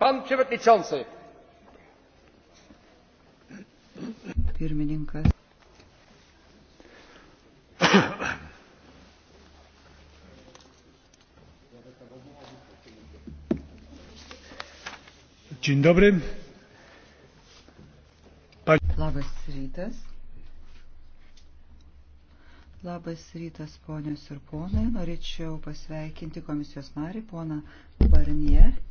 Pan przewodniczący. Pirmininkas. Dzień dobry. Pa... Labas rytas. Labas rytas, ponios ir ponai. Norėčiau pasveikinti komisijos narį, poną Barnier.